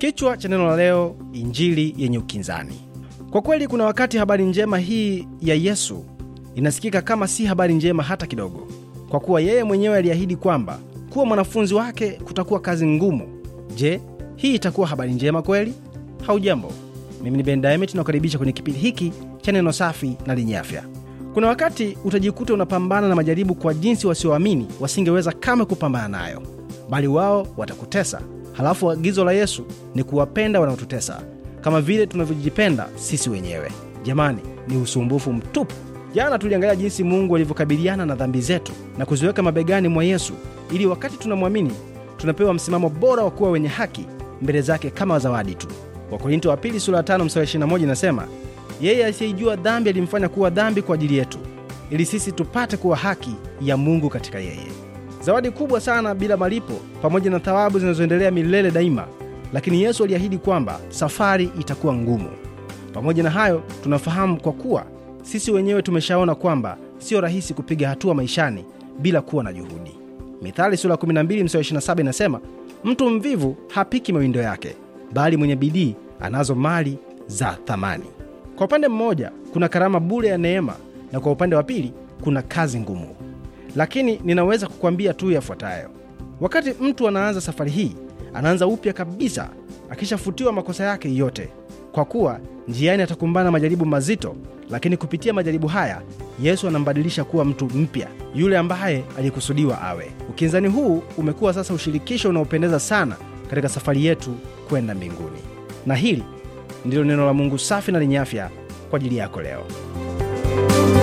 Kichwa cha neno la leo, injili yenye ukinzani. Kwa kweli, kuna wakati habari njema hii ya Yesu inasikika kama si habari njema hata kidogo, kwa kuwa yeye mwenyewe aliahidi kwamba kuwa mwanafunzi wake kutakuwa kazi ngumu. Je, hii itakuwa habari njema kweli? Haujambo, mimi ni Ben Dynamite nakukaribisha kwenye kipindi hiki cha neno safi na lenye afya. Kuna wakati utajikuta unapambana na majaribu kwa jinsi wasioamini wasingeweza kama kupambana nayo, bali wao watakutesa Halafu agizo la Yesu ni kuwapenda wanaotutesa kama vile tunavyojipenda sisi wenyewe. Jamani, ni usumbufu mtupu. Jana tuliangalia jinsi Mungu alivyokabiliana na dhambi zetu na kuziweka mabegani mwa Yesu, ili wakati tunamwamini tunapewa msimamo bora wa kuwa wenye haki mbele zake kama zawadi tu. Wakorinto wa pili sura ya 5 mstari 21 inasema, yeye asiyeijua dhambi alimfanya kuwa dhambi kwa ajili yetu, ili sisi tupate kuwa haki ya Mungu katika yeye zawadi kubwa sana bila malipo, pamoja na thawabu zinazoendelea milele daima. Lakini Yesu aliahidi kwamba safari itakuwa ngumu. Pamoja na hayo, tunafahamu kwa kuwa sisi wenyewe tumeshaona kwamba sio rahisi kupiga hatua maishani bila kuwa na juhudi. Mithali sura 12 mstari 27 inasema, mtu mvivu hapiki mawindo yake, bali mwenye bidii anazo mali za thamani. Kwa upande mmoja kuna karama bure ya neema, na kwa upande wa pili kuna kazi ngumu lakini ninaweza kukwambia tu yafuatayo. Wakati mtu anaanza safari hii, anaanza upya kabisa, akishafutiwa makosa yake yote, kwa kuwa njiani atakumbana majaribu mazito, lakini kupitia majaribu haya Yesu anambadilisha kuwa mtu mpya, yule ambaye alikusudiwa awe. Ukinzani huu umekuwa sasa ushirikisho unaopendeza sana katika safari yetu kwenda mbinguni, na hili ndilo neno la Mungu safi na lenye afya kwa ajili yako leo.